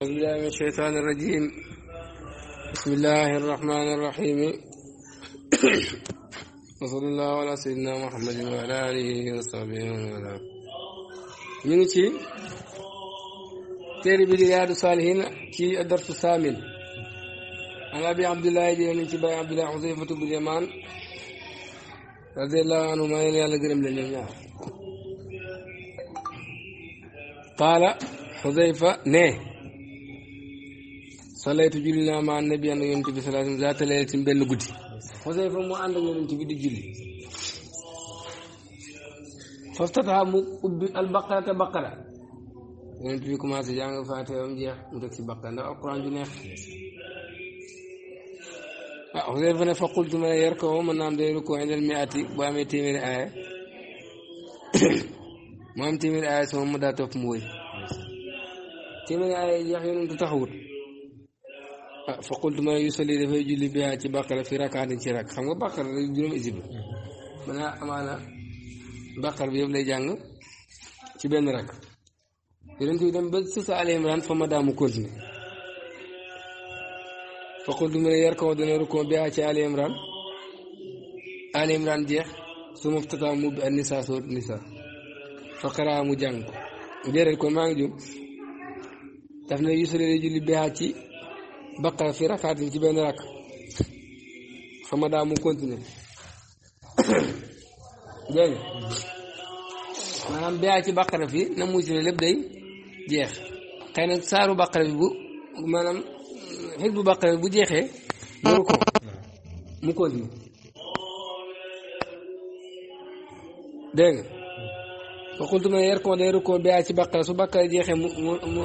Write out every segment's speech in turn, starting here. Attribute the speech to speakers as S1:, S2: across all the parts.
S1: بسم الله الشيطان الرجيم بسم الله الرحمن الرحيم وصلى الله على سيدنا محمد وعلى اله وصحبه وسلم نيجي تيري بي رياض الصالحين في الدرس الثامن انا ابي عبد الله بن نيجي باي عبد الله حذيفه بن اليمان رضي الله عنه ما يلي على قرم لنا قال حذيفه نيه salaytu julli naa ma annabi ànd ak yonent bi salaatam zaata laylatin benn guddi Xusayfa mu ànd ak yonent di julli fastataha mu ubbi albaqarata baqara yonent bi commencé jàng mu neex ah Xusayfa ne fa qultu ma ne yar ko mën naa am day rukkoo indal mi ati bu amee téeméeri aaya mu téeméeri aaya sama mu daa topp mu wëy téeméeri aaya jeex yonent taxawut fa qultu ma yusalli dafay ci bàqara fi rakaatin ci rak xam nga bàqara rek juróom isib la mën naa amaana bàqara bi ci benn rak yonent bi dem ba su sa ma daamu continuer fa qultu jeex su ma tataa mu bi an nisa soo nisa fa qaraa jàng ko daf ne yusalli day julli biha ci baqara fi rakaatin ci benn rakk fa daa mu continuer dégg maanaam baa ci baqara fi na mu si lépp day jeex xëy na saaru baqara bi bu maanaam xit bu baqara bi bu jeexee mënu ko mu continuer dégg nga waxultu ma ne yerkoon rukkoo baa ci baqara su baqara jeexee mu mu mu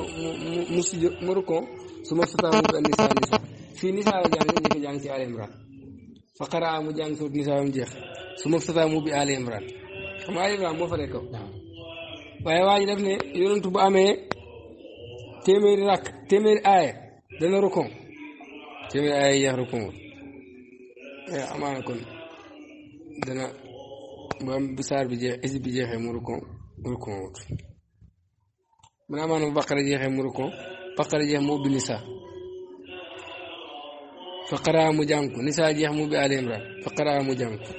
S1: mu mu mu su ma fasaa mu tudd nisaa nisaa fii nisaa la jàng njëkk a jàng ci Ali Imran fa qaraa mu jàng suut nisaa mu jeex su ma fasaa mu bi Ali Imran xam nga Ali Imran moo fa nekkoon waaye waa ji daf ne yonentu bu amee téeméeri rakk téeméeri aaya dana rukon téeméeri aaya jeex rukon waaw amaana kon dana bu am bisaar bi jeex isib bi jeexee mu rukon rukon wut man amaana bu baqara jeexee mu rukon faqara jeex mu ubbi nisa faqara mu jàng ko nisa jeex mu ubbi Ali Imran faqara mu jàng ko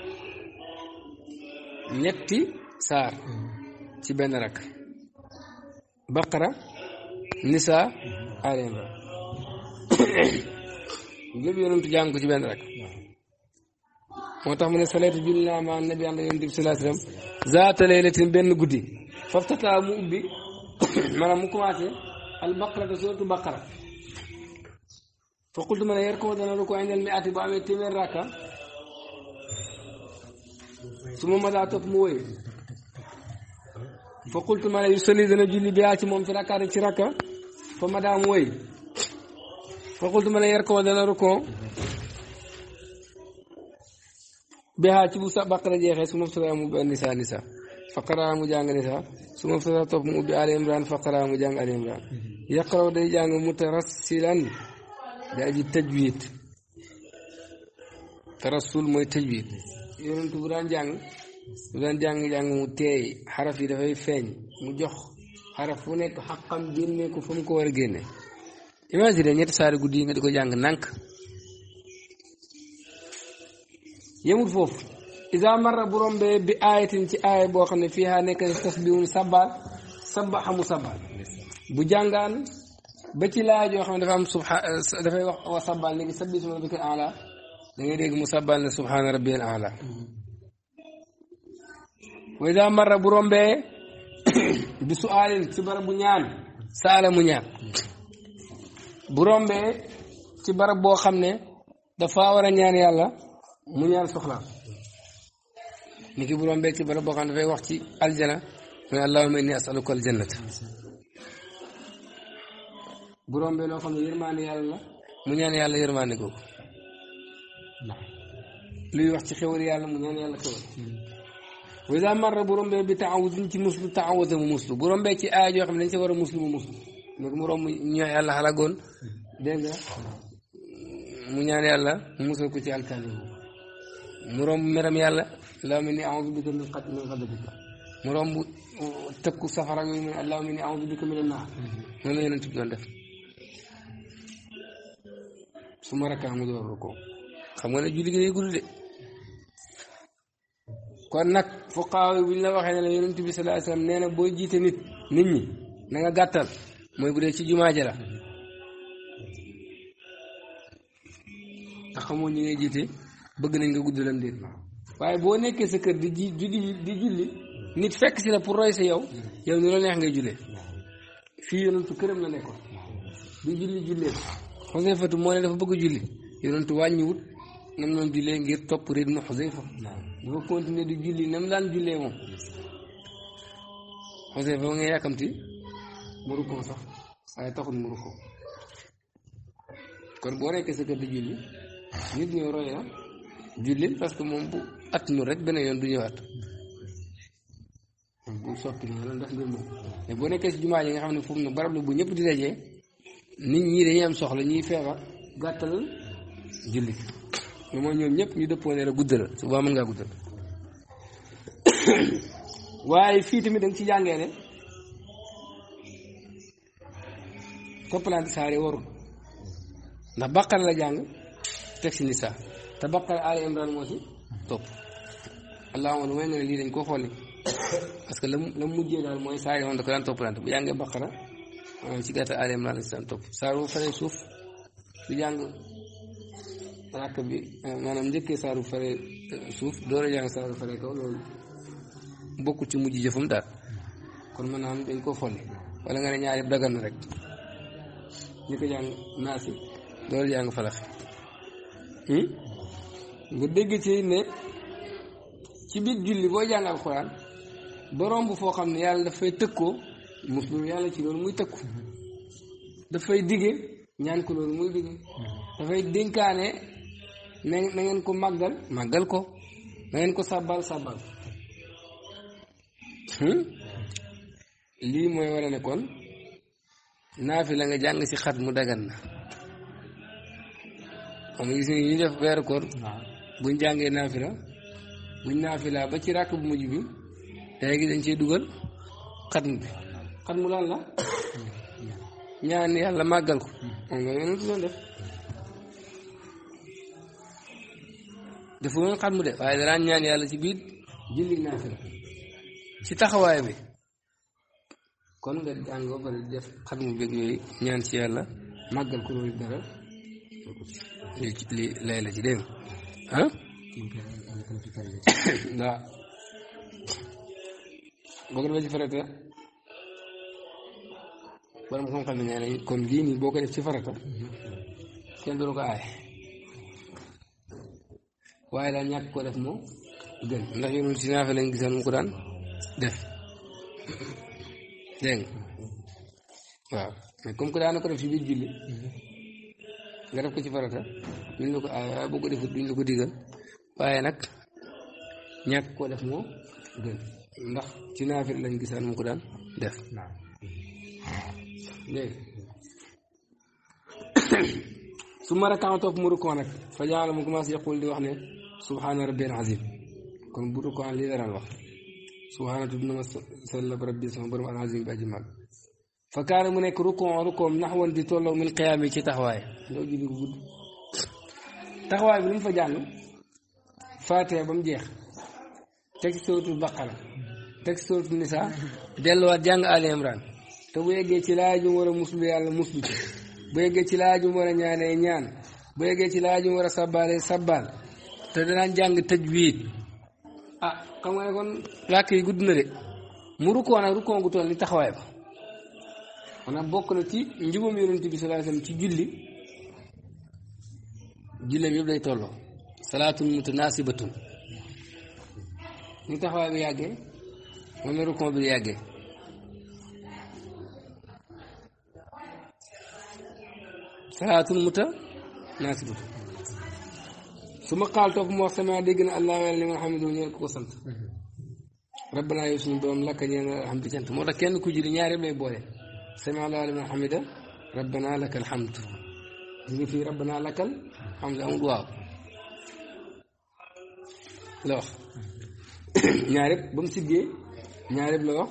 S1: ñetti saar ci benn rakk baqara nisa Ali Imran lépp yonentu jàng ko ci benn rakk moo tax mu ne salaytu julli naa ma nabi ànd yonent bi salaa sallam zaata laylatin benn guddi faftata mu ubbi maanaam mu commencé البقرة سورة البقرة فقلت من يركض أنا ركوع عند المئة بعمل تمر ركع ثم ماذا تفموي فقلت من يصلي ذن جل بيات من في ركع ركع ركع فماذا موي فقلت من يركض أنا ركوع بها تبوس بقرة جيخة ثم تبعي نساء نساء faqaraa mu jàng nisaa su ma fata topp mu ubbi Ali Imran faqaraa mu jàng Ali Imran yaqaraw day jàng mutarassilan day aji tajwid tarassul mooy tajwid yonent bu daan jàng jàng mu teey xaraf yi dafay feeñ mu jox xaraf fu nekk xaqam génne ko ko war a génne imagine ñetti saari guddi nga di ko jàng nànk yemul foofu isa marra bu rombee bi aayatin ci aaya boo xam ne fii haa nekk tasbihun sabbaal sabbaxa mu sabbaal bu jàngaan ba ci laaj yoo xam ne dafa am dafay wax wa sabbaal léegi mu sabbaal ne subhaana rabbiyal aala wa isa marra bu rombee bi suaalin ci barab bu ñaan saala mu ñaan bu rombee ci barab boo xam ne dafa war a ñaan yàlla mu ñaan soxla ni ki bu rombee ci barab boo xam ne dafay wax ci aljana mu ne allahumma inni asaluka aljannata bu rombee loo xam ne yërmaande yàlla la mu ñaan yàlla yërmaande googu luy wax ci xewal yàlla mu ñaan yàlla xewal wa iza marra bu rombee bi taawudin ci muslu taawuda mu muslu ci aaya joo dañ si war a mu muslu léegi mu romb yàlla xalagoon dégg nga mu ñaan yàlla mu musal ko ci alkaali mu romb meram yàlla allahumma inni a'udhu bika min ghadabika mu romb tëkku safara yooyu mu ne allahumma bi doon def su ma rakkaa mu door ko xam nga ne julli gi yëgul de kon nag fuqaaw yi bu ñu la waxee ne la yonent bi sallallahu alayhi wasallam nee na boo jiite nit nit ñi na nga gàttal mooy bu dee ci jumaa ja la ndax xamoo ñu ngay jiite bëgg nañ nga gudd lam déet ma waaye boo nekkee sa kër di ji di julli nit fekk si la pour roy sa yow yow ni la neex ngay jullee fii yonentu këram la nekkoon du julli jullee Xuseyfatu moo ne moo bëgg a julli yonentu wàññiwut nam doon jullee ngir topp rythme Xuseyfa dafa continuer di julli nam daan jullee moom Xuseyfa ba nga yàkkamti mu rukkoo sax waaye taxul mu rukkoo kon boo nekkee sa kër di julli nit ñëw roy la julli parce que moom at ñu rek beneen yoon du ñëwaat bu soppi noonu ndax mbir moom mais boo nekkee si jumaa ji nga xam ne foofu barab lu bu ñëpp di dajé nit ñi dañuy am soxla ñi féra gattal julli moom mo ñoom ñëpp ñu dëppone la guddal su ba mën nga guddal waaye fii tamit da nga ci jàngee ne toppalante saare warul ndax baqara la jàng teg si nisa te baqara aali imran moo si topp allahuma lu may ne lii dañ koo xolli parce que la la mu mujjee daal mooy saa yoon da ko daan toppalante bu jàngee baqara ci gàttal aaleem laa la si daan faree suuf du jàng rakk bi maanaam njëkkee saaru euh, suuf door a jàng saaru fare kaw loolu bokkul ci mujj jëfam daal kon mën dañ koo folli wala nga ne ñaar yëpp dagal rek ñu ko jàng naasi door jàng falax hmm? nga dégg ci ne ci biir julli boo jàng alxuraan ba romb foo xam ne yàlla dafay tëkkoo muslim yàlla ci loolu muy tëkku dafay dige ñaan ko loolu muy ko màggal màggal ko na ko sàbbal sàbbal hmm? lii mooy wara ne kon naafi la nga jàng ci xat mu dagan na xam nga gis ni ñu def weeru koor buñ jàngee naafi buñ naafila ba ci ràkk bu mujj bi léegi dañ ciy dugal xatm bi xatmu lan la ñaan yàlla màggal ko moom la yonent doon de waaye daraan ñaan yàlla ci biir julli naafila ci taxawaay bi kon nga jàng ba pare def xatmu bëgg yooyu ñaan ci yàlla màggal ko loolu dara lay la ci dégg ah nekk ci farata waaw bokk na ci farata borom xam kon lii nii boo ko def ci farata kenn doonu ko aay waaye daal ko def moo gën ndax yoonu si naafe lañ gisaan mu ko ko ci farata duñ la ko aay waaye boo ko defut duñ la ko digal waaye nag ñàkk koo def moo gën ndax ci naafil lañ gisaan mu ko daan def dégg su ma rakkaan topp mu rukkoo nag fa jaala mu commencé yaqul di wax ne subhaana rabbil azim kon bu rukkoo lii la daan wax na ma sallab rabbi sama borom al azim bi aji mag fa kaana mu nekk rukkoo rukkoom naxwan di tolloo min qiyaam yi ci taxawaay loo julli ko gudd taxawaay bi mu fa jàng faatee ba mu jeex teg sóotul baqara teg sóotul nisa delluwaat jàng Ali te bu yeggee ci laaju war a muslu yàlla muslu ci bu yeggee ci laaju war a ñaanee ñaan bu yeggee ci laaju war a sabbaalee sabbaal te danaan jàng tajwiid ah xam nga ne kon làkk yi gudd na de mu rukkoo nag rukkoo gu toll ni taxawaay ba maanaam bokk na ci njubam yonent bi sallallahu alayhi ci julli julleem yëpp day tolloo salaatun mutanaasibatun ñu taxawaay bi yàggee moom la rukon bi yàggee salaatun mutanaasibatun su ma xaal topp mu wax sama dégg na allah wel ni man xamidu ñeen ko ko sant rabbana yow suñu borom lakka ñeen alhamdu cant moo tax kenn ku jiri ñaari lay boole sami allah liman xamida rabbana lakal hamdu ñu ngi fii rabbana lakal hamdu amul waaw la wax ñaareel ba mu siggee ñaareel la wax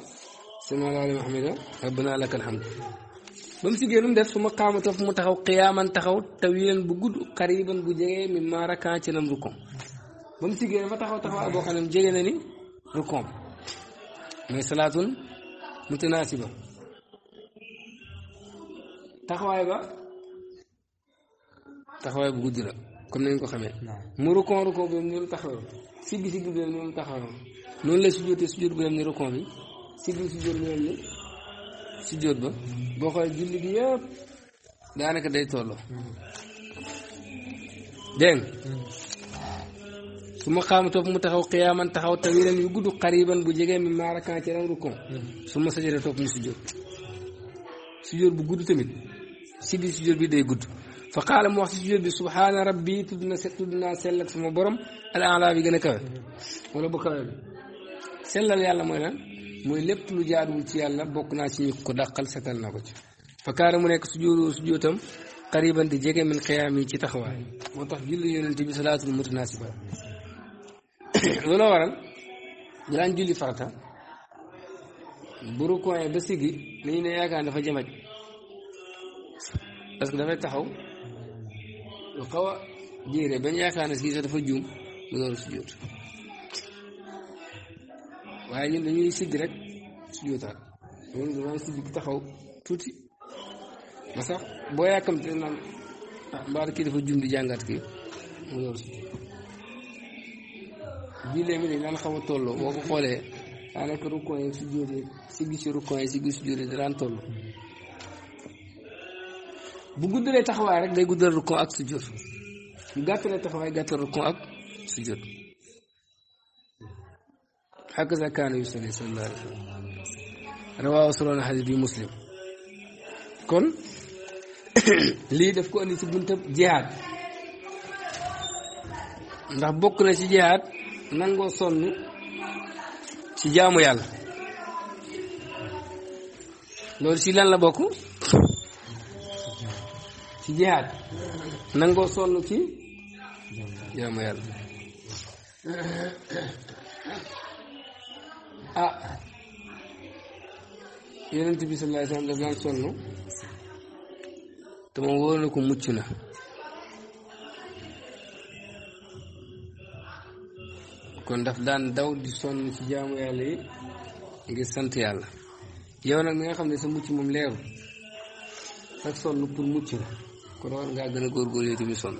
S1: sami Allahu liman hamidah rabbana lakal hamd ba mu siggee nu mu def su ma xaamu taf mu taxaw xiyaaman taxaw tawilan bu gudd xariban bu jege mi ma rakan ci nam rukkoom ba mu siggee dafa taxaw taxaw boo xam ne jege na ni rukkoom mais salaatun mutanaasiba taxawaay ko xamee mu rukkoon rukkoon taxawee sigg sigg bi moom taxawam noonu lay sujjóotee sujjóot bu dem ni rokon bi sigg sujjóot bu dem ni sujjóot ba boo xoolee julli bi yëpp daanaka day tolloo dégg su ma xaamu topp mu taxaw xiyaaman taxaw tawilan yu gudd xariban bu jege mi maarakan ci ren su ma sajada topp mu sujjóot sujjóot bu gudd tamit si sigg sujjóot bi day gudd fa qaala mu wax si sujud bi subhaana rabbi tudd na tudd naa sell ak sama borom al ala gën a kawe wala bu kawe sellal yàlla mooy lan mooy lépp lu jaaduwul ci yàlla bokk naa ci ñu ko daqal setal na ko ci fa kaana mu nekk sujudu sujudam qariban di jege min xiyaam yi ci taxawaay moo tax julli yonent bi salaatul mutanasiba looloo waral ñu daan julli farata bu rukkooyee ba siggi nañu ne yaakaar dafa jamaj parce que dafay taxaw lu xaw a diire bañ yaakaar ne si sax dafa juum mu door sujjóot waaye ñun dañuy sigg rek sujjóotaat taxaw tuuti ba sax boo yàkkamte naan ah mbaar dafa juum di jàngat ki mu door sujjóot jullee mi dañ xaw a tolloo boo ko xoolee daanaka rukkoon yi sujjóot yi sigg ci rukkoon yi sigg sujjóot yi daan tolloo bu guddalee taxawaay rek day guddal rukon ak sujjóot bu gàttalee taxawaay gàttal rukon ak sujjóot hakaza kaana yusalli sallallahu alayhi wa sallam rawaahu soloon xadis bi muslim kon lii daf ko indi ci buntab jihaad ndax bokk na ci jihaad nangoo sonn ci jaamu yàlla loolu ci lan la bokk ci jihaad nangoo sonn ci jaamu yàlla ah yonent bi sallallahu alayhi wasallam daf daan sonn te moom wóor na ko mucc na kon daf daan daw di sonn ci jaamu yàlla yi ngir sant yàlla yow nag mi nga xam ne sa mucc moom leeru sax sonn pour mucc la kon war ngaa gën a góorgóorlu tamit sonn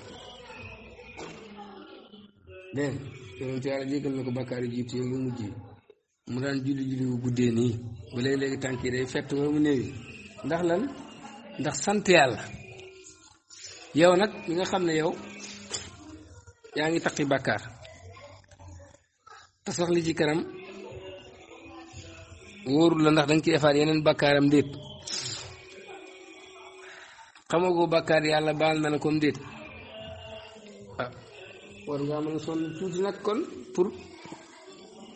S1: dégg yonent yàlla jéggal na ko bàkkaar yi jiitu yi nga mujj mu daan julli julli bu guddee nii ba léegi-léegi tànk ndax lan ndax sant yàlla yow nag mi nga yow sax li ci la ndax ci xamagoo bàkkaar yàlla baal na la comme déet ah war ngaa mën a sonn tuuti nag kon pour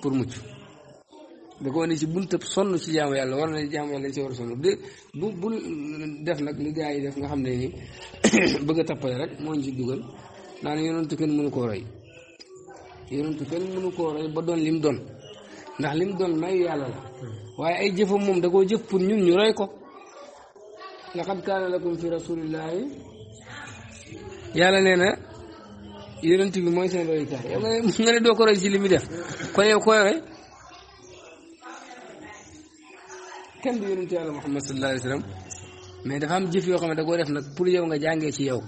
S1: pour mucc da ko wane ci buntab sonn si jaamu yàlla war na jaamu yàlla dañ ci war sonn de bu bu def nag li gaa yi def nga xam ne nii bëgg a tappale rek moo ñu ci dugal naan yonentu kenn mënu koo roy yonentu kenn mënu koo roy ba doon lim doon ndax lim doon may yàlla la hmm. waaye ay jëfam moom da koo jëf pour ñun ñu roy ko laqad kaana lakum fi rasulillahi yàlla nee na yonent bi mooy seen royukaay yow nga ne doo ko roy ci li mu def kon yow koy roy kenn du yonent yàlla Muhammad sallallahu alayhi wa sallam mais dafa am jëf yoo xam ne da koo def nag pour yow nga jàngee ci yow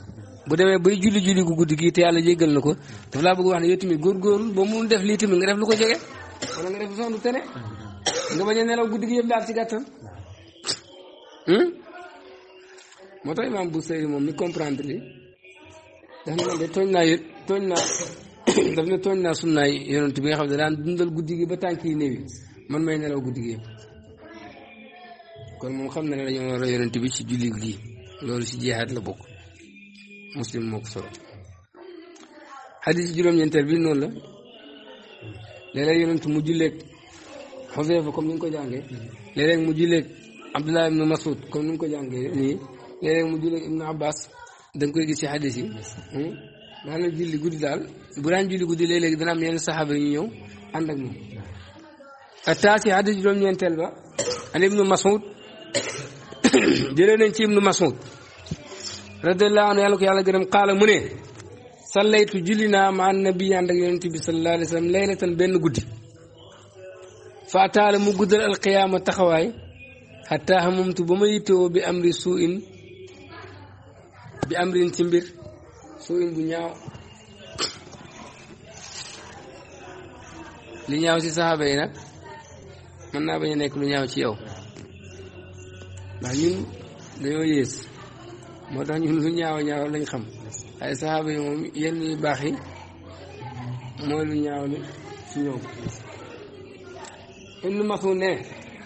S1: bu demee bay julli julli gu guddi gii te yàlla jéggal na ko daf laa bëgg wax ne yow tamit góorgóorlu ba mu def lii tamit nga def lu ko jege wala nga def lu tene nga bañ a nelaw guddi gi yëpp daal ci gàttal. Hmm? moo tax imaam Buseyri moom mi comprendre li daf ne man de tooñ naa yë tooñ naa daf bi nga xam ne daan dundal guddi gi ba tànk yi néew yi man may nelaw guddi gi yëpp kon moom xam na ne dañoo war a yonent bi ci julli gi loolu ci jihaad la bokk muslim moo ko solo xadis juróom-ñeenteel bi noonu la léeg-léeg mu julleeg Xuseyfa comme ni nga ko jàngee léeg-léeg mu julleeg Abdullah ibnu Masud comme ni nga ko jàngee nii léeg mu julli Ibnu Abbas da koy gis ci xaddis yi hmm? maanaam julli guddi daal bu daan julli guddi léeg-léeg dana am yenn saxaaba yu ñëw ànd ak moom taasi xaddis juróom-ñeenteel ba yàlla ko yàlla gërëm xaala mu ne julli naa ma annabi ànd ak yonente bi sallallahu alayhi wa sallam benn guddi fa taala mu guddal alqiyaama taxawaay xataa xamamtu ba ma yittewoo bi amri suuin bi am rin ci mbir soo in ñaaw lu ñaaw ci saxaaba yi nag mën naa bañ a nekk lu ñaaw ci yow ndax ñun dañoo yées moo tax ñun lu ñaaw ñaaw lañ xam ay saxaaba yi moom yenn yu baax yi mooy lu ñaaw li ci ñoom Ibnu Mas'ud ne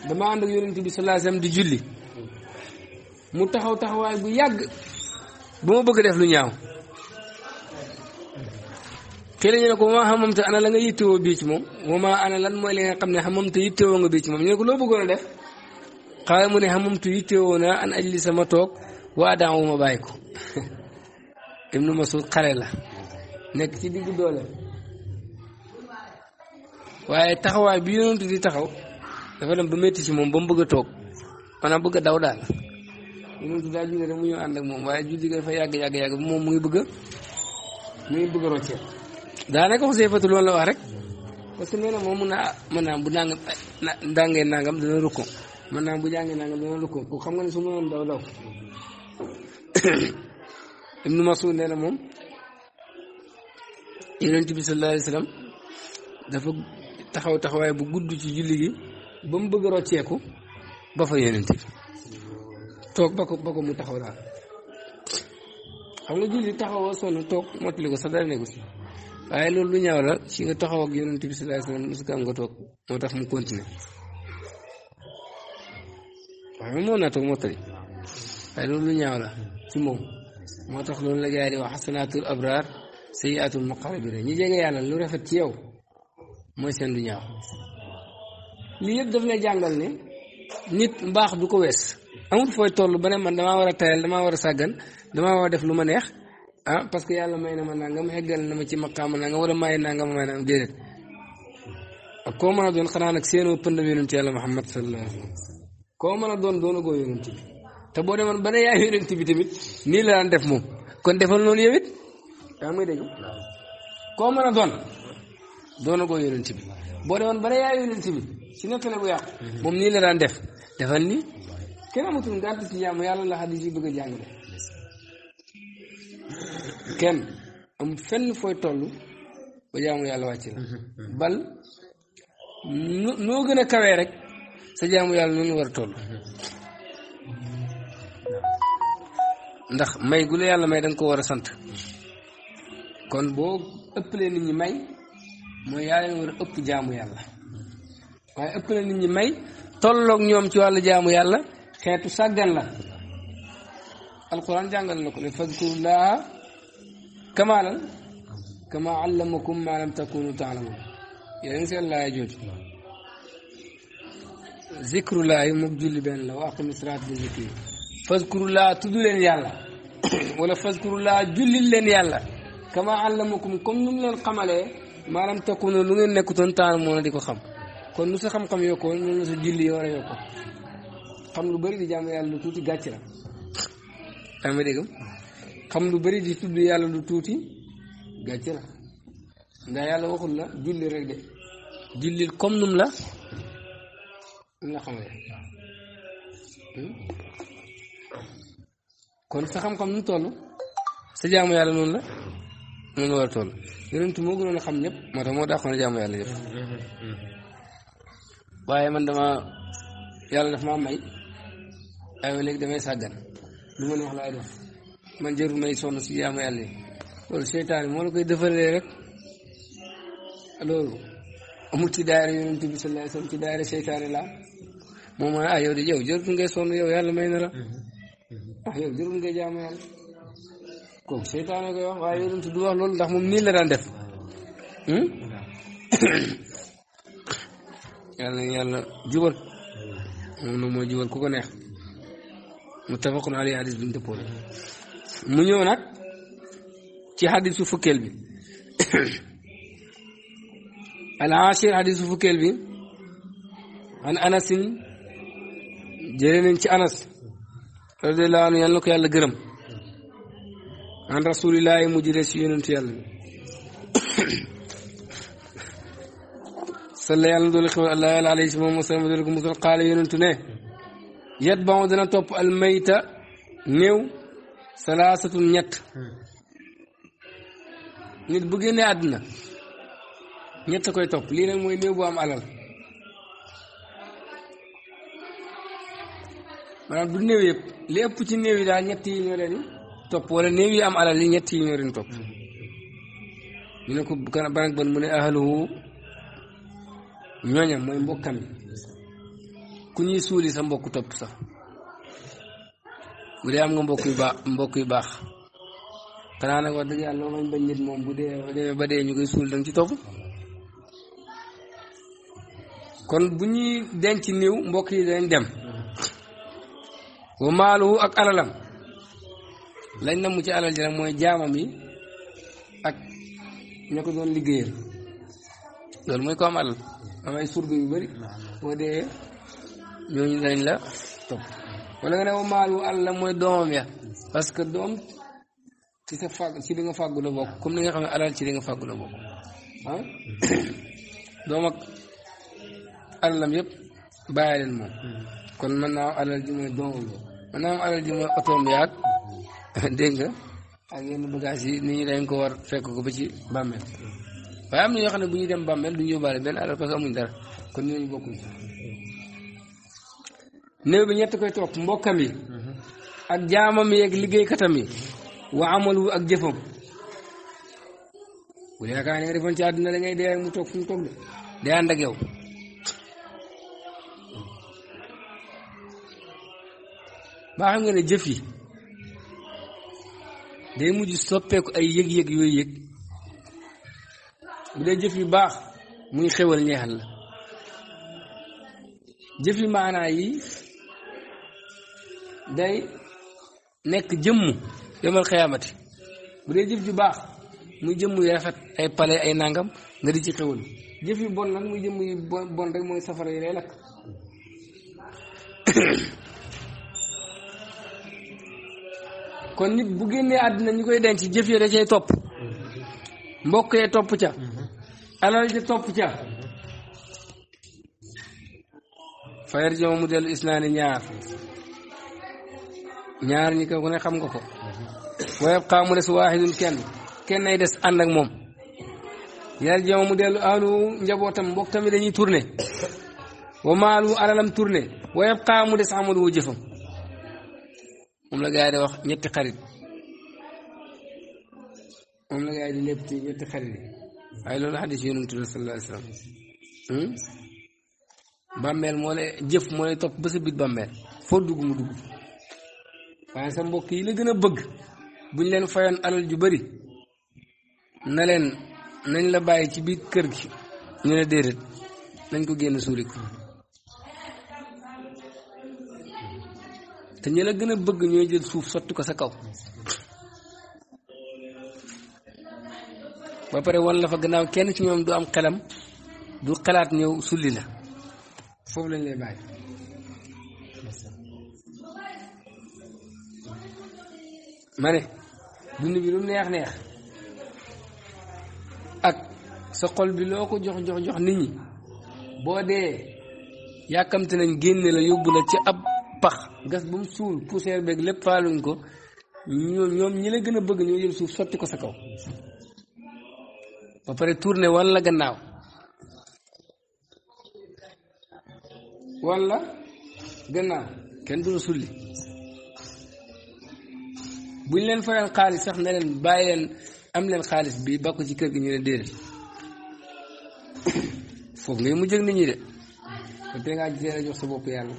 S1: dama ànd ak yonent bi sallallahu alayhi di julli mu taxaw taxawaay bu yàgg bu ma bëgg def lu ñaaw kële ñu ne ko ma xamamte ana la nga yittewoo bii ci moom moo ma ana lan mooy li nga xam ne xamamte yittewoo nga bii ci moom ñu ne ko loo bëggoon a def xaaral mu ne xamamtu yittewoo naa an ajli sama toog waa daan wu ma bàyyi ko Ibnu Masud xale la nekk ci diggu doole waaye taxawaay bi yonent di taxaw dafa dem ba métti ci moom ba mu bëgg a toog maanaam bëgg a daw daal yonent bi daa julli rek mu ñëw ànd ak moom waaye julli gi dafa yàgg yàgg yàgg moom mu ngi bëgg mu ngi bëgg la wax rek parce que nee na moom mun naa bu nangam ndàngee nangam dana rukko mën bu jàngee nangam dana rukko ko xam nga ne su ma yoon daw moom yonent bi sallallahu alayhi taxaw taxawaay bu gudd ci ba mu bëgg a rocceeku ba fa yonent toog ba ko ba ko mu taxaw daal xam nga julli taxawoo sonn toog mottali ko sax dara nekku si waaye loolu lu ñaaw la si taxaw ak yonent bi sallallahu alayhi wasallam musuka am nga toog moo tax mu continuer waaye moom moo naa ñaaw la ci moom moo tax loolu la gaa yi di wax xasanaatul abraar sayyiaatul muqarrabiin ñi jege yàlla lu rafet ci yow mooy seen lu ñaaw lii yëpp daf lay jàngal ne nit mbaax du ko wees amul fooy toll ba ne man damaa war a tayal damaa war a sàggan damaa war a def lu ma neex ah parce que yàlla may na ma nangam heggal na ma ci maqaama nangam wala may nangam may nangam déedéet ak koo mën a doon xanaa nag seenoo pëndam yonent yàlla Muhammad sallallahu alayhi wa koo mën a goo doonagoo yonent bi te boo demoon ba ne yaay yonent bi tamit nii la daan def kon defal noonu yow it yaa ngi may dégg koo mën a ne yaay yonent moom nii la daan def defal nii kenn amatul ngànt ci jaamu yàlla la xadis yi bëgg a jàngale kenn am fenn fooy toll ba jaamu yàlla wàcc la bal noo gën a kawee rek sa jaamu yàlla noonu war a toll ndax may gu yàlla may danga ko war a sant kon boo ëppalee nit ñi may mooy yaa leen war a ëpp jaamu yàlla waaye ëppalee nit ñi may tolloog ñoom ci wàllu jaamu yàlla xeetu sàggan la alquran jàngal na ko ne fadkurullaha kamaa lan kamaa allamakum ma lam takunu taalamun yeneen seen laaya jooju zikrullahi moog julli benn la wa aqimi siraat bi zikri fadkurullaha tudd leen yàlla wala fadkurullaha jullil leen yàlla kama allamakum comme nu mu leen xamalee maa lam takunu lu ngeen nekkutoon taalamoon di ko xam kon nu sa xam-xam yokkoo noonu sa julli war a yokkoo xam lu bari di jaamu yàlla lu tuuti gàcc la yaa lu bëri di tudd yàlla ndax yàlla waxul la julli rek de jullil comme num la nu la xamale hmm? kon sa xam-xam nu toll sa jaamu yàlla noonu la noonu la war a toll yonent moo gënoon a xam ñëpp moo tax moo dàqoon a jaamu yàlla yëpp mm-hmm. waaye man dama yàlla daf maa may waaye léegi damay sàggan lu ma ne wax laay def man jërul may sonn si jaamu yàlla yi loolu seytaane moo la koy defalee rek loolu amul ci daayira yonent bi ci daayira seytaane la moom mooy ah yow de yow jërul ngay yàlla may na la mhm. Mhm. ah yow jërul ngay jaamu yàlla kooku seytaane du wax loolu ndax moom nii la daan def hmm? yàlla yàlla jubal mhm. moom na moo jubal ku ko neex متفق عليه حديث بنت بول مو نيو نك تي حديث فوكل بي العاشر حديث فوكل بي عن انس جيرين تي انس رضي الله عنه يالله يالله غرم عن رسول الله مجد سيونت يالله صلى الله عليه وسلم الله عليه وسلم قال يونت نه yet ba dana topp almayta néew salaasatun ñett nit bu génnee àdduna ñett koy topp lii nag mooy néew bu am alal maanaam du néew yëpp li ëpp ci néew yi daal ñett yi ñoo leen topp wala néew yi am alal yi ñett yi ñoo leen topp ñu ne ko kan ban ak ban mu ne ahaluhu ñooñam mooy mbokkam yi ku ñuy suuli sa mbokk topp sax bu dee am nga mbokk yu baax mbokk yu baax xanaa nag wax dëgg yàlla bañ bañ moom bu dee demee ba dee ñu koy suul danga ci topp kon bu ñuy denc néew mbokk yi dañ dem wa maaluhu ak alalam lañ na mu ci alal ji mooy jaamam yi ak ña ko doon liggéeyal loolu mooy ko alal am ay surga yu bëri boo dee ñooñu dañ la topp wala nga ne wa maalu mooy doomam ya parce que doom ci sa fàgg ci li nga fàggu la bokk comme ni nga xam ne alal ci li nga fàggu la bokk ah yëpp bàyyi leen moom kon mën naa am alal doomam ya mën naa am alal ji mooy otoom yaag dégg nga ak yenn bagage yi ni ñu dañ ko war fekk ko ba ci bàmmeel waaye am na ñoo xam ne bu ñuy dem bàmmeel du ñu yóbbaale benn alal parce amuñ dara kon ñooñu bokkuñ néew bi ñett koy toog mbokkam yi ak jaamam yi ak liggéeykatam yi wa amalu ak jëfam bu yaakaar ne nga defoon ci àdduna da dee ak mu toog fu mu toog de yow baa xam ne jëf yi day mujj soppeeku ay yëg-yëg yooyu yëg dee jëf yu baax muy xewal ñeexal la jëf yi yi day nekk jëmmu yomal xiyaamati bu dee jëf ju baax muy jëmm yu rafet ay pale ay nangam nga di ci xewal jëf yu bon nag muy jëmm yu bon rek mooy safara yi lay lakk kon nit bu génnee àddina ñu koy denc jëf ya da topp mbokk topp ca alal ja topp ca fayar jama mu dellu islaani ñaar ñaar ñi ko ku xam nga ko waaye xaamu des waaxidun kenn kenn ay des ànd moom yàlla jama mu dellu alu njabootam mbokk tamit dañuy tourné wa maalu alalam tourné waaye xaamu des amadu moom la gars yi di wax ñetti xarit moom hmm? jëf moo lay topp ba sa biir foo dugg mu dugg waaye sa mbokk yi la gën a bëgg buñ leen fayoon alal ju bari na leen nañ la bàyyi ci biir kër gi ñu ne déedéet nañ ko génn suuli ko la gën a bëgg ñooy jël suuf sotti ko sa kaw ba pare wan la fa gannaaw kenn ci ñoom du am xelam du xalaat ñëw sulli la foofu lañ lay bàyyi mane ne dund bi lu neex neex ak sa xol bi loo ko jox jox jox nit ñi boo dee yàkkamte nañ génne la yóbbu la ci ab pax gas bu mu suul poussière beeg lépp faaluñ ko ñoom ñoom ñi la gën a bëgg ñoo jël suuf sotti ko sa kaw ba pare tourné walla gannaaw walla gannaaw kenn du la sulli buñ leen fayal xaalis sax ne leen bàyyi leen am leen xaalis bi bakku ci kër gi ñu la déedéet foofu ngay mujj ak nit ñi de kon ngaa jox sa bopp yàlla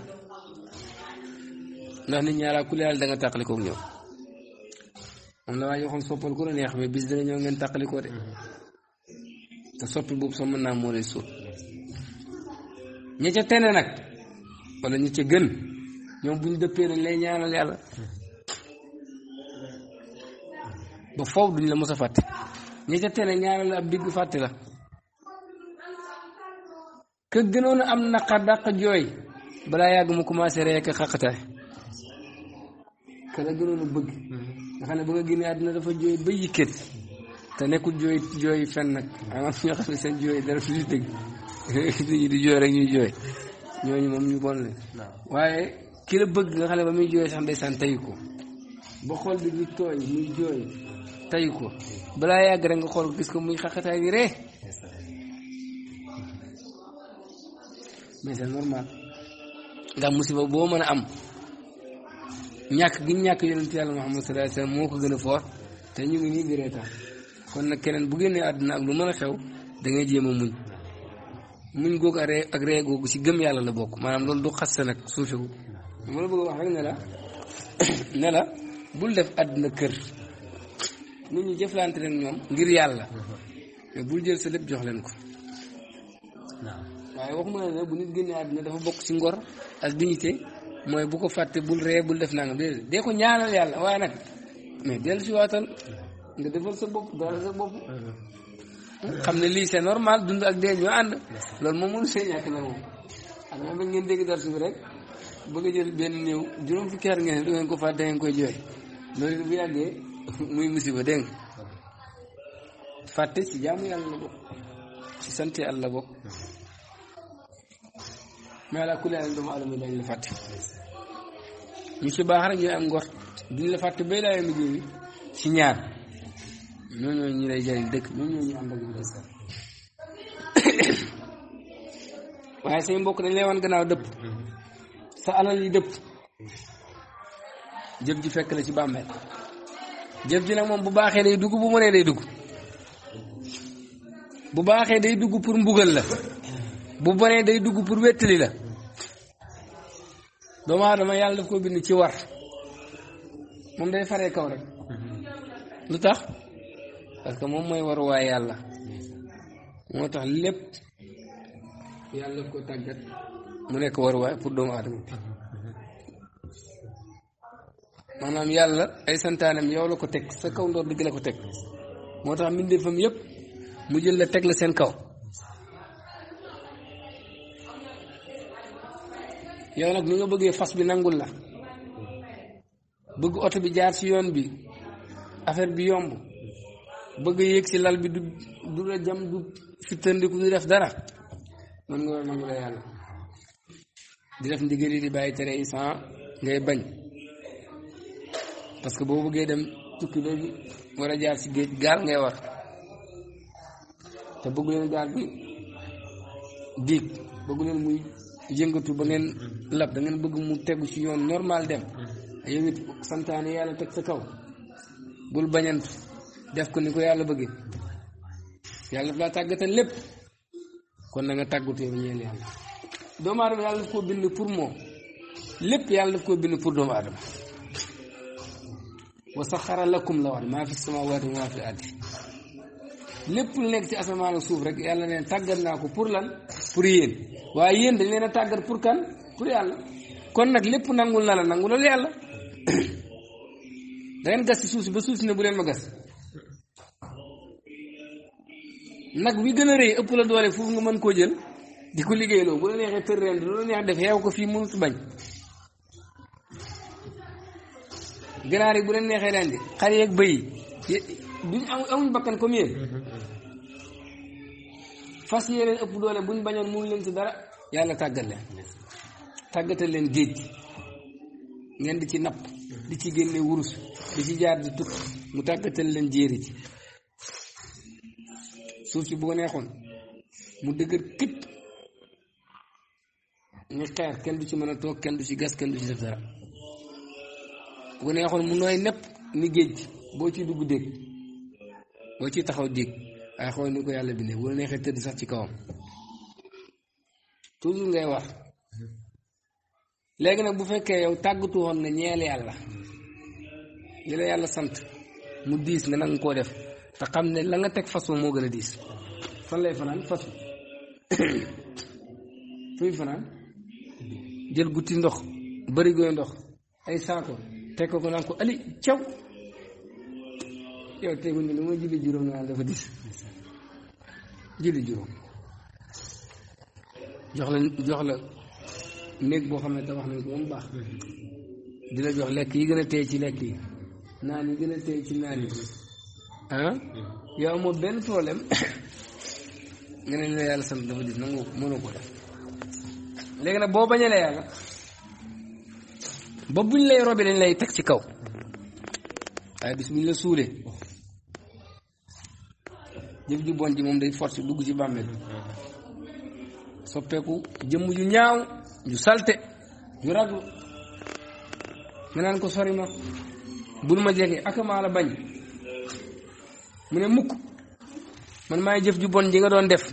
S1: ndax nit ñaara ku yàlla da nga tàqalikoog ñëw moom la waa joxoon soppal ku la neex mais bis dana ñëw ngeen tàqalikoo de te soppi boobu soo mën naa moo lay suul ña ca tene nag wala ña gën ñoom bu dëppee dañ lay ñaanal yàlla ba foofu duñ la mos a fàtte ñi ca tene ñaareel ab digg fàtte la ka gënoon a am naqar dàq jooy balaa yàgg mu commencé rey ak xaqataay ka la gënoon a bëgg nga xam ne ba nga génnee àddina dafa jooy ba yikkat te nekkul jooy jooy fen nag am am ñoo xam ne seen jooy dara fi ñu dëgg nit ñi di jooy rek ñuy jooy ñooñu moom ñu bon leen waaye ki la bëgg nga xam ne ba muy jooy sax ndeysaan teyu ko ba xool bi di tooy muy jooy tayu ko balaa yàgg rek nga xool ko gis ko muy xaqataay di ree mais c'est normal ndax musiba boo mën a am ñàkk gi ñàkk yonent yàlla Muhammad sallallahu moo ko gën a foor te ñu ngi nii di reetaan kon nag keneen bu génnee àdduna ak lu mën a xew da ngay jéem a muñ muñ googu ak ree ak ree googu ci gëm yàlla la bokk maanaam loolu du xas sa nag suufewu ma la bëgg a wax rek ne la bul def àddina kër nit ñi jëflante leen ñoom ngir yàlla mais bul jël sa lépp jox leen ko waaye waxuma ne bu nit génnee àddina dafa bokk ci ngor ak dignité mooy bu ko fàtte bul ree bul def nangam déedéet dee ko ñaanal yàlla waaye nag mais dellu si waatal nga defal sa bopp xam ne lii c'est normal dund ak dee ñoo ànd loolu moom mënu see ñàkk na moom ak moom dañ ngeen dégg darsu bi rek bëgg jël benn néew juróom fukki at ngeen du ko fàtte ngeen koy jooy loolu bu yàggee muy musiba dégg fàtte ci jaamu yàlla la bokk ci sant yàlla la bokk mais ala kulli haal doomu aadama dañ la fàtte ñu ci baax rek ñooy am ngor duñ la fàtte bay laay liggéey ci ñaar ñooñu ñooñu ñu lay dëkk ñooñu ñu ànd ak ñoom waaye mbokk dañ lay wan gannaaw dëpp sa alal yi dëpp jëf ji fekk la ci bàmmeel jëf ji nag moom bu baaxee day dugg bu mënee day dugg bu baaxee day dugg pour mbugal la bu mënee day dugg pour wéttali la doomu aadama yàlla daf ko bind ci war moom day faree kaw rek lu tax parce que moom mooy waruwaay yàlla moo tax lépp yàlla daf ko tàggat mu nekk waruwaay pour doomu aadama maanaam yàlla ay santaanam yow la ko teg sa kaw ndoor dëgg la ko teg moo tax mbindeefam yépp mu jël la teg la seen kaw yow nag ni nga bëggee fas bi nangul la bëgg oto bi jaar si yoon bi affaire bi yomb bëgg yëg si lal bi du du la jam du fittandiku du def dara man nga war a nangu la yàlla di def ndigéri di bàyyi tere yi sans ngay bañ parce que boo bëggee dem tukki léegi war a jaar ci géej gaal ngay war te bëggu leen gaal bi diig bëggu muy yëngatu ba ngeen lab da ngeen bëgg mu tegu ci yoon normal dem yow it santaane yàlla teg sa kaw bul bañantu def ko ni ko yàlla bëggee yàlla daf laa tàggatal lépp kon na nga tàggatoo ba ñeel yàlla doomu aadama yàlla daf koo bind pour moom lépp yàlla daf koo bind pour doomu aadama wa saxara lakum la wax maa fi samaawaati wa maa fi ardi lépp lu nekk ci asamaan ak suuf rek yàlla neen tàggat naa ko pour lan pour yéen waaye yéen dañ leen a tàggat pour kan pour yàlla kon nag lépp nangul na la nangulal yàlla da ngeen gas ci suuf si ba suuf si ne bu leen ma gas nag wi gën a rëy ëpp la doole foofu nga mën koo jël di ko liggéeyloo bu la neexee tër di lu la neex def yeew ko fii mënut bañ ganaar yi bu leen neexee rendi xar yeeg bëy duñ amuñ bakkan comme yéen fas yee leen ëpp doole buñ bañoon mënu leen ci dara yàlla tàggat leen tàggatal leen géej gi ngeen di ci napp di ci génne wurus di ci jaar di tukki mu tàggatal leen jéeri ji suuf si bu ko neexoon mu dëgër këpp ñu xeer kenn du ci mën a toog kenn du ci gas kenn du ci def dara bu neexoon mu nooy nepp ni géej boo ci dugg dégg boo ci taxaw dégg waaye xool ni ko yàlla bindee bu la neexee tëdd sax ci kawam toujours ngay wax léegi nag bu fekkee yow tàggatu woon na ñeel yàlla li la yàlla sant mu diis nga nangu koo def te xam ne la nga teg façon moo gën a diis fan lay fanaan fas fuy fanaan jël gutti ndox barigoy ndox ay saako fekk ko naan ko ali caw yow tey bu ñu lu ma julli juróom naan dafa dis julli juróom jox la néeg boo xam ne tabax nañ ko moom baax di la jox lekk yi gën a tey ci lekk yi naan yi gën a tey ci naan yi ah? yow amoo benn problème nga ne la yàlla sant dafa dis nangu mënoo ko def léegi nag boo bañalee yàlla ba buñ lay robe dañ lay teg ci kaw waaye bis buñ la suulee jëf ju bon ji moom day force dugg ci bàmmeel soppeeku jëmm ju ñaaw ju salte ju raglu nga naan ko sori ma bul ma jege ak maa la bañ mu ne mukk man maay jëf ju bon ji nga doon def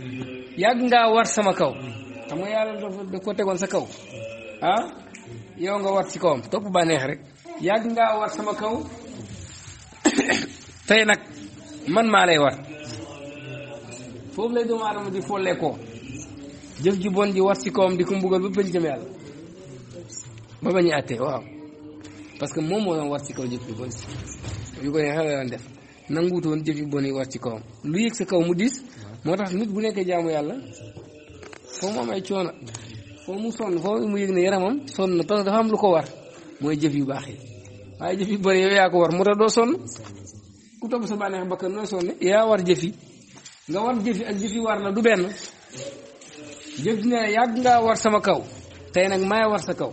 S1: yàgg ngaa war sama kaw xam nga yàlla da ko tegoon sa kaw ah? yow nga war ci kawam topp bànneex rek yàgg ngaa wat sama kaw tey nag man maa lay wat foofu lay doomu aadama di follee ko jëf ji bon ji war ci kawam di ko mbugal ba pëñ jëm yàlla ba bañu àttee waaw parce que moom moo doon wat ci kaw jëf ji bon si yu ko neexee la daan def nanguutu woon jëf yu bon yi wat ci kawam lu yëg sa kaw mu diis moo tax nit bu nekkee jaamu yàlla foofu moom ay coono foo mu sonn foo mu yëg ne yaramam sonn na parce que dafa am lu ko war mooy jëf yu baax yi waaye jëf yu bëri yow yaa ko war moo tax doo sonn ku topp sa bànneex bakkan nooy sonn yaa war jëf yi nga war jëf ak jëf yi war la du benn jëf dina yàgg ngaa war sama kaw tey nag maay war sa kaw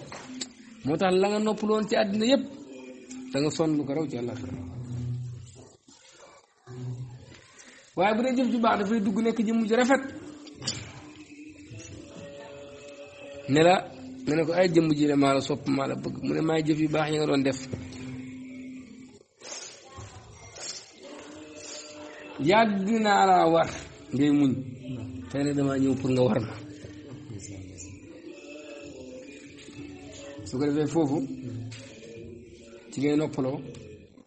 S1: moo tax la nga noppaloon ci àddina yépp danga nga sonn lu ko raw ci àllaaxira waaye bu dee jëf ju baax dafay dugg nekk jëmm ju rafet ne la nga ne ko ay jëmm ji la maa la sopp maa la ne maay jëf yu baax yi nga doon def yàgg naa laa war ngay muñ tey nag damaa ñëw pour nga war ma su ko defee foofu ci ngay noppaloo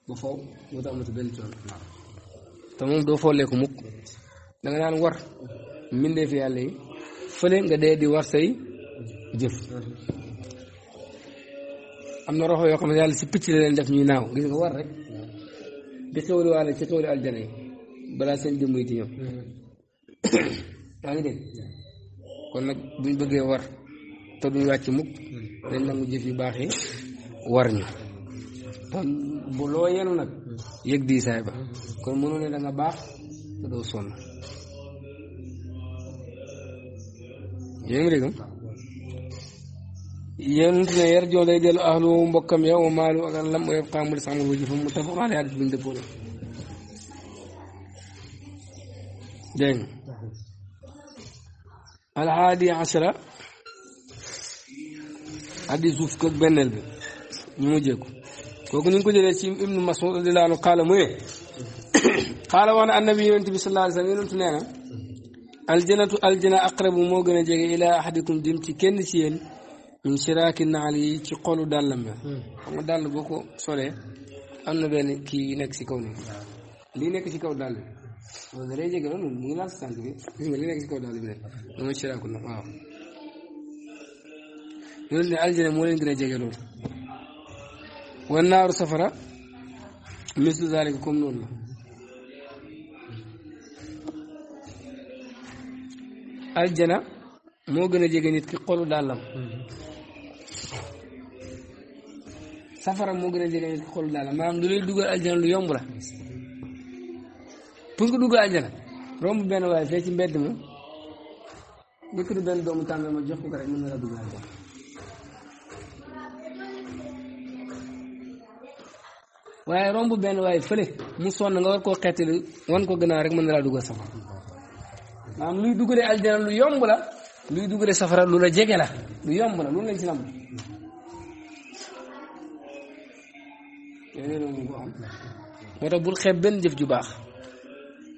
S1: ba faw moo tax amatu benn coono te moom doo foolee ko mukk da daan war mbindeef yàlla yi fële nga dee di war say jëf am na roxo yoo xam ne yàlla si picc la leen def ñuy naaw gis nga war rek di xewli waale ci xewli balaa seen jëmm yi di ñëw mm-hmm. kon nag buñ bëggee war te duñ wàcc mukk mm-hmm. dañ nangu jëf yu baax yi war ñu kon bu loo yenu nag mm-hmm. yëg diisaay ba kon mënu ne baax te doo sonn yaa ngi dégg يمتنا يرجو لي ديال أهل ومبكم يا ومال وأغل لم يبقى مرسع من وجههم متفق عليها من دبولة دين الحادي عشرة عدي زوفكك بين البيت نموجيكم وكن ينكو جلسيم ابن مسعود رضي الله عنه قال مويه قال وانا النبي ينتبه صلى الله عليه وسلم ينتبه نعم الجنة الجنة أقرب موغن جيغي إلى أحدكم دمتي كن سيين min shiraaki naal yi ci xolu dàllam la xam nga dàll boo ko solee am na benn kii nekk si kaw nii lii nekk si kaw dàll bi loolu day jege li nekk si kaw dàll bi ne waaw loolu moo leen gën a jege loolu wan safara mislu zaalika comme moo gën a jege nit ki xolu dàllam safara moo gën a jege xolu daal maanaam lu yomb la pour nga dugal aljana benn waaye fee mbedd ma yëkkati benn doomu ma jox ko ko benn waaye fële mu sonn nga war koo xeetali wan ko gënaaw rek mën na laa dugal safara maanaam luy dugalee aljana lu yomb la luy dugalee safara lu la jege la lu yomb la lu lañ ci nam yéene wuñ tax bul xeeb benn jëf ju baax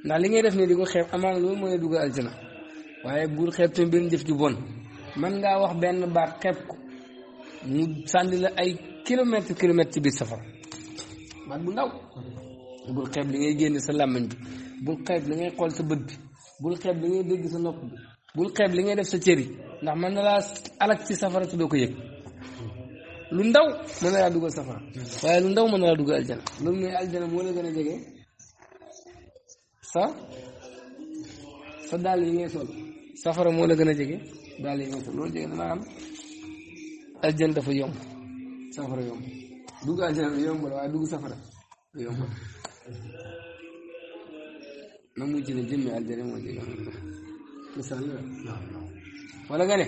S1: ndax li ngay def nii di ko xeeb amaana loolu mën a dugal aljana waaye bul xeeb tamit benn jëf ju bon mën ngaa wax benn baat xeeb ko mu sànni la ay kilomètre kilomètre ci biir safara baat bu ndaw bul xeeb li ngay génne sa làmmiñ bi bul xeeb li ngay xool sa bët bi bul xeeb li ngay dégg sa nopp bi bul xeeb li ngay def sa cër ndax mën na laa alak ci safara te doo ko yëg lu ndaw mën na laa safara waaye lu ndaw mën na dugg dugal aljana loolu mooy aljana moo la gën a jege sa sa dàll yi ngay sol safara moo la gën a jege dàll yi ngay sol loolu jege danaa am aljana dafa yomb safara yomb dugg aljana lu yomb la waaye dugg safara lu nga ne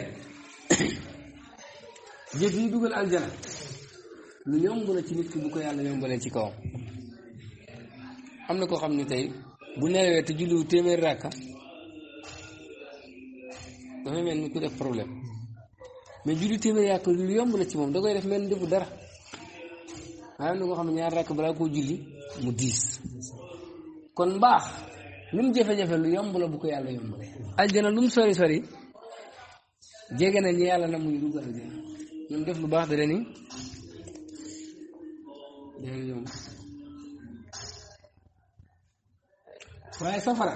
S1: jëf yi dugal aljana lu yomb la ci nit ki bu ko yàlla yombalee ci kawam am na koo xam ni tey bu nelawee te julliwu téeméer ràkka dafay mel ni ku def problème mais julli téeméer ràkka lu yomb la ci moom da koy def mel ni defu dara waaye am na ko xam ne ñaar ràkk balaa koo julli mu diis kon mbaax lu mu jafe-jafe lu yomb la bu ko yàlla yombalee aljana lu mu sori sori jege na ñu yàlla na muy dugg aljana ñoom def lu baax da leen ni yomb waaye safara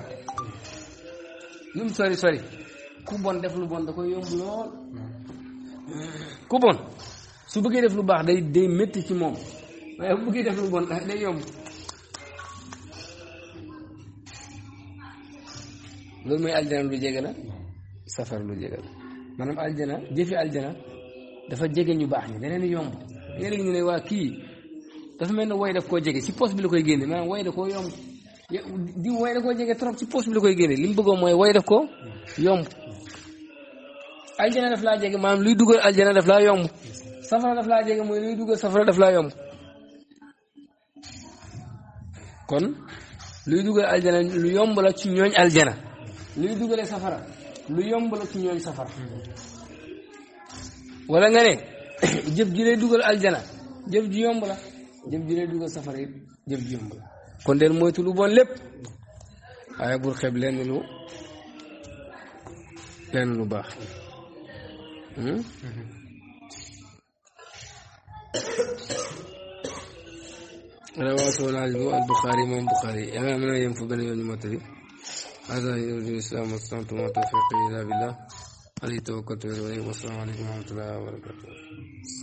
S1: lu mu sori sori ku bon def lu bon da koy yomb lool ku bon su bëggee def lu baax day day métti ci moom waaye bu bëggee def lu bon day yomb loolu mooy aljana lu jege la safara lu jege la maanaam aljana jëfi aljana dafa jege ñu baax ñi daneen yomb da nga ñu ne waa kii dafa mel ne woy daf koo jege si poste bi la koy génne maanaam woy da koo yomb di woy da koo jege trop si poste bi la koy génne li mu bëggoon mooy woy daf ko yomb aljana daf laa jege maanaam luy dugal aljana daf laa yomb safara daf laa jege mooy luy dugal safara daf laa yomb kon luy dugal aljana lu yomb la ci ñooñ aljana luy dugalee safara lu yomb la ci ñooñ safara wala nga ne jëf ji lay dugal aljana jëf ji yomb la jëf ji dugal safara it jëf ji yomb la kon leen lu baax rawaatu walaaj bu علي توكلت عليه والسلام عليكم ورحمة الله وبركاته